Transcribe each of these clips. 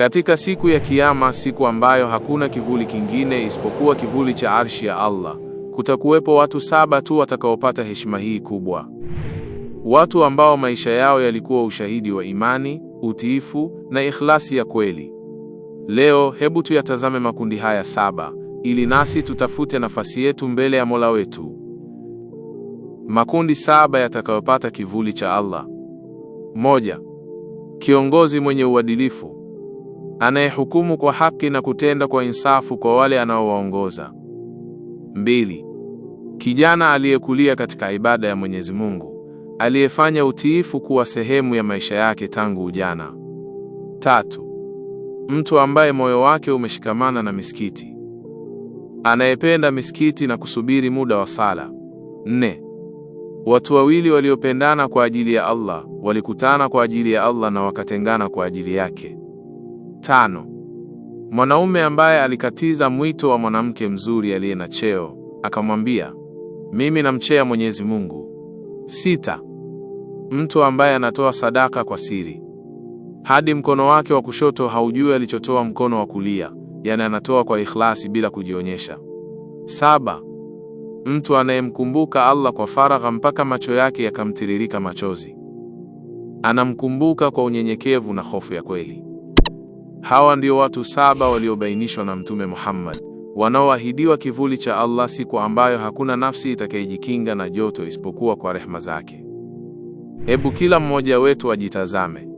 Katika siku ya Kiyama, siku ambayo hakuna kivuli kingine isipokuwa kivuli cha arshi ya Allah, kutakuwepo watu saba tu watakaopata heshima hii kubwa, watu ambao maisha yao yalikuwa ushahidi wa imani, utiifu na ikhlasi ya kweli. Leo hebu tuyatazame makundi haya saba ili nasi tutafute nafasi yetu mbele ya Mola wetu. Makundi saba yatakayopata kivuli cha Allah. Moja, kiongozi mwenye uadilifu anayehukumu kwa haki na kutenda kwa insafu kwa wale anaowaongoza. Mbili, kijana aliyekulia katika ibada ya Mwenyezi Mungu, aliyefanya utiifu kuwa sehemu ya maisha yake tangu ujana. Tatu, mtu ambaye moyo wake umeshikamana na misikiti, anayependa misikiti na kusubiri muda wa sala. Nne, watu wawili waliopendana kwa ajili ya Allah walikutana kwa ajili ya Allah na wakatengana kwa ajili yake. Tano, mwanaume ambaye alikatiza mwito wa mwanamke mzuri aliye na cheo akamwambia, mimi namchea Mwenyezi Mungu. Sita, mtu ambaye anatoa sadaka kwa siri hadi mkono wake wa kushoto haujui alichotoa mkono wa kulia, yani anatoa kwa ikhlasi bila kujionyesha. Saba, mtu anayemkumbuka Allah kwa faragha mpaka macho yake yakamtiririka machozi, anamkumbuka kwa unyenyekevu na hofu ya kweli. Hawa ndio watu saba waliobainishwa na Mtume Muhammad, wanaoahidiwa kivuli cha Allah, siku ambayo hakuna nafsi itakayejikinga na joto isipokuwa kwa rehma zake. Hebu kila mmoja wetu ajitazame,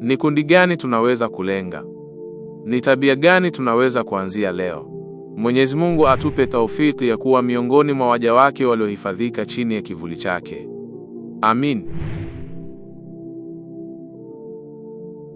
ni kundi gani tunaweza kulenga? Ni tabia gani tunaweza kuanzia leo? Mwenyezi Mungu atupe taufiki ya kuwa miongoni mwa waja wake waliohifadhika chini ya kivuli chake. Amin.